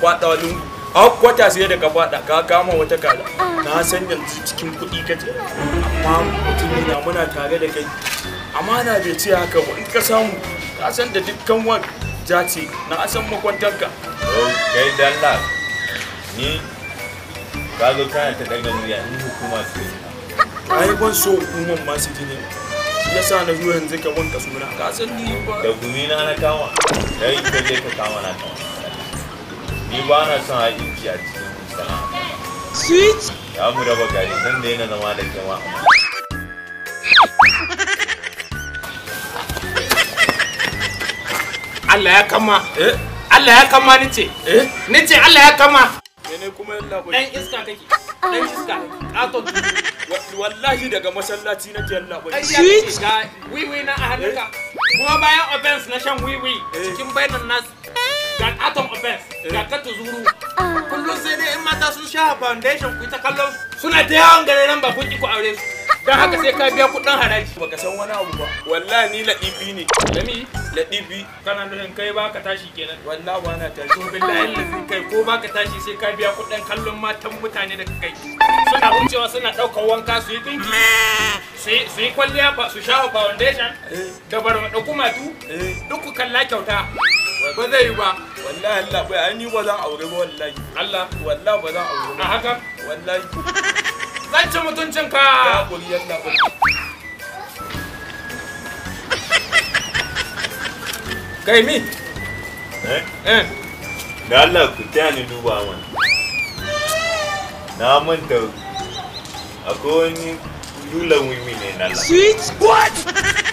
kwada lungu a kwata sai da ka fada ka kama wata kaza na san yanzu cikin kuɗi kace amma mutum na muna tare da kai amana bai ce haka ba in ka samu ka san da dukkan wani jace na san ka kai la ni ka zo kana ta daga ya ni hukuma ce ai ban so hukuman ma su ji ne ya sa na zuwa yanzu ka wanka suna ka san ni ba da gumi na na kama kai ka je ka kama na kama ni ba na son haƙinci a cikin sana'a switch ya mu raba gari zan daina zama da jama'a Allah ya kama eh? Allah ya kama ni ce eh? ni ce Allah ya kama ne kuma yalla bai ɗan iska kake dan iska kato wallahi daga masallaci nake yalla bai switch wiwi na a hannunka kuma bayan offense na shan wiwi eh. cikin bainan nasu ga katon offense eh. ga katon zuru ah. kullum sai dai in mata sun sha foundation ku ta kallon suna da yawan gare nan ba kun ki ku aure su don haka sai ka biya kuɗin haraji baka san wani abu ba wallahi ni ladibi ne lami ladibi kana nufin kai ba ka tashi kenan wallahi ba na tashi ko billahi lafin kai ko ba ka tashi sai ka biya kuɗin kallon matan mutane da kai suna wucewa suna ɗaukar wanka su yi dinki su yi kwalliya su sha foundation eh. da barbaɗa kumatu eh. duk ku kalla kyauta ba zai yi ba wallahi Allah bai ai ni ba zan aure ba wallahi Allah wallahi ba zan aure ba a haka wallahi zan ci mutuncin ka ya kuri yalla ba kai mi eh eh da Allah ku taya ni duba mana na manta akwai wani dulan wiwi ne na Allah sweet what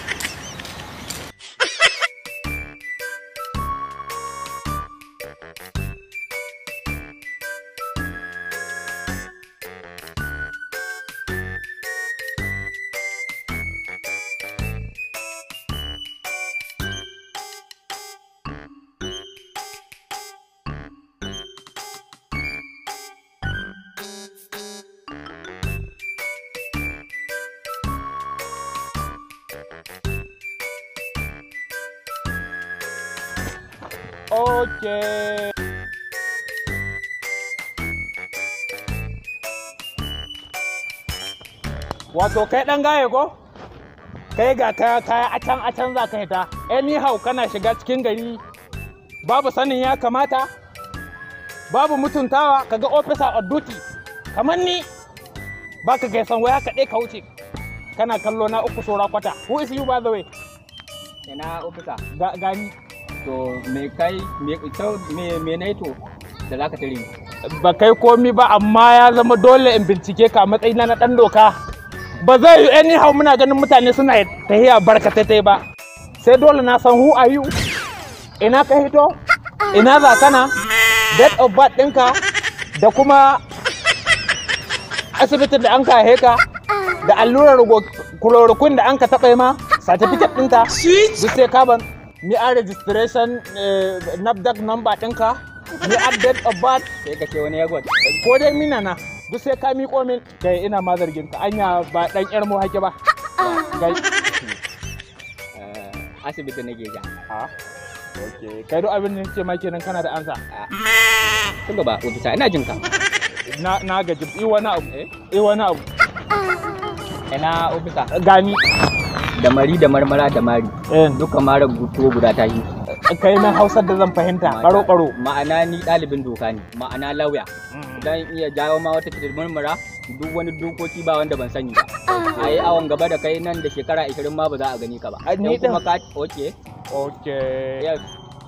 Oye. Wato kai ɗan gaye ko? Kai ga kaya a can a can za ka hita. Eh, Anyhow kana shiga cikin gari babu sanin ya kamata, babu mutuntawa kaga officer of duty kamar ni ba ka gaisan waya kaɗai ka wuce kana kallo na uku sora kwata. Who is you by the way? Ina officer. Ga gani. to me kai me kyau me me ne to da zaka tare ni ba kai komi ba amma ya zama dole in bincike ka matsayina na dan doka ba zai yi anyhow muna ganin mutane suna tahiya barkatatai ba sai dole na san who are you ina ka hito ina za kana date of birth ɗinka da kuma asibitin da an ka heka da allurar kulorokun da an ka taɓa ma certificate ɗinka duk sai ka ban ni a registration eh, nabdak number ɗinka ni a date of birth sai ka ce wani yagon ko dai mina na duk sai ka miƙo min da ina ma zargin ka anya ba dan yar mu haƙi ba gai eh, asibiti na ga a ah. oke kai duk abin da ce ma kenan kana da ansa kun ba ofisa ina jin ka na na gaji i wani abu eh? i wani abu ina ofisa gani da mari da marmara da mari eh. duka mara tuwo guda ta yi eh, kai na hausar da zan fahimta baro baro ma'ana ni ɗalibin doka ne ma'ana lauya dan mm-hmm. iya jawo ma wata ta marmara duk wani dokoki ba wanda ban sani ba a yi awon gaba da kai nan da shekara 20 ma ba za a gani ka ba ni kuma ka oke oke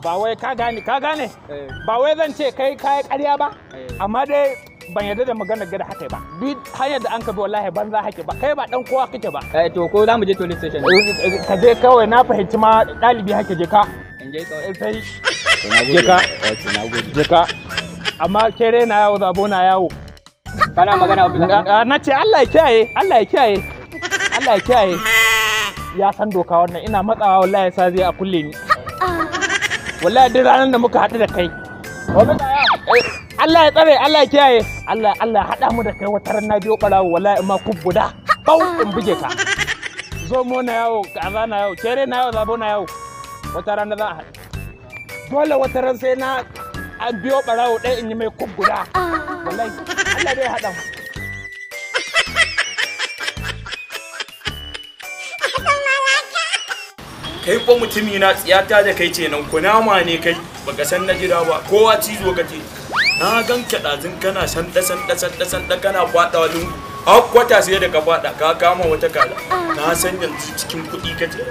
ba wai ka gane ka gane eh. ba wai zan ce kai kai karya ba amma dai ban yarda da magana gada haka ba duk hanyar da an ka bi wallahi za hake ba kai ba dan kowa kake ba eh to ko zamu je police station eh, eh, ka je kawai na fahimci ma dalibi haka je ka in je kawai eh, sai je ka je ka amma kere na yawo zabo na yawo kana magana wa ah, na ce Allah ya kiyaye Allah ya kiyaye Allah ya kiyaye ya san doka wannan ina matsawa wallahi ya sa zai a kulle ni ah. wallahi duk ranar da muka haɗu da kai Allah ya tsare Allah ya kiyaye Allah Allah haɗa mu da kai wata ran na biyo ɓarawo wallahi ma ku guda bau in buge ka zo mo na yawo kaza na yawo kere na yawo zabo na yawo wata ran za a dole wata ran sai na an biyo ɓarawo ɗaya in yi mai ku guda wallahi Allah dai haɗa mu kai ko mutumi na tsiyata da kai ce nan kunama ne kai baka san na jira ba kowa cizo ce na gan kaɗazin kana sanda sanda sanda sanda kana kwaɗa wani har kwata sai da ka faɗa ka kama wata kaza na san yanzu cikin kuɗi kace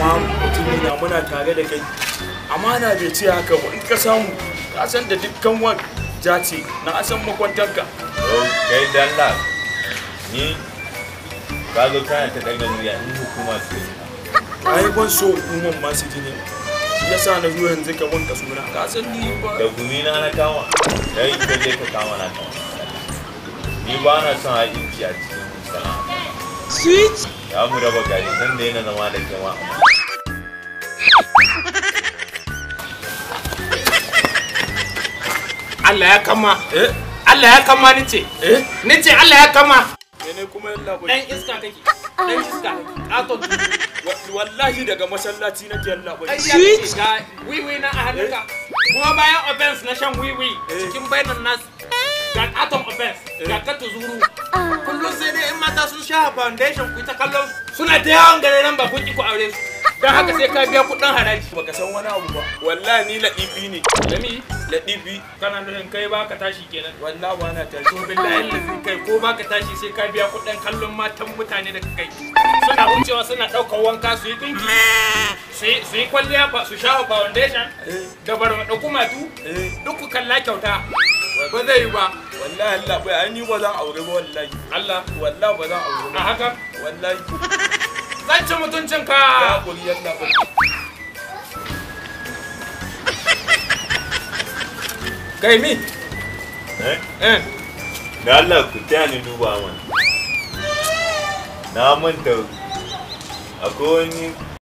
amma mutum na muna tare da kai na bai ce haka ba in ka samu ka san da dukkan wani jace na san makwantarka kai la ni ka zo kana ta daga miliyan hukuma ce ai ban so hukumar masu jini shi yasa na zo yanzu ka wanka suna ka san ni ba da gumi na na kama dai ka je ka kama na kama ni ba na son a inci a cikin sana'a switch ya mu raba gari zan daina zama da jama'a Allah ya kama eh? Allah ya kama nice eh? nice Allah ya kama ne kuma yalla bai? Dan iska kake. Ah. Dan iska. Katon wallahi daga masallaci nake yalla bai. Shi ga wiwi na a hannunka. Eh. Kuma bayan offense na shan wiwi eh. cikin bainan nas ga atom offense eh. ga katu zuru. Ah. Kullum sai dai in mata sun sha foundation ku ta kallon suna ta yawan gare nan ba kun ki ku aure su. dan haka sai ka biya kuɗin haraji baka san wani abu ba wallahi ni ladibi ne lami ladibi kana nufin kai baka tashi kenan wallahi ba na tashi ko billahi lazin kai ko baka tashi sai ka biya kuɗin kallon matan mutane da kai suna wucewa suna ɗaukar wanka su yi dinki su yi kwalliya su shafa foundation eh. da kuma kumatu eh. duk ku kalla kyauta ba zai yi ba wallahi Allah bai an yi ba zan aure ba wallahi Allah wallahi ba zan aure ba a haka wallahi zan ci mutuncinka kai mi eh? eh da Allah ku taya ni duba mana na manta akwai wani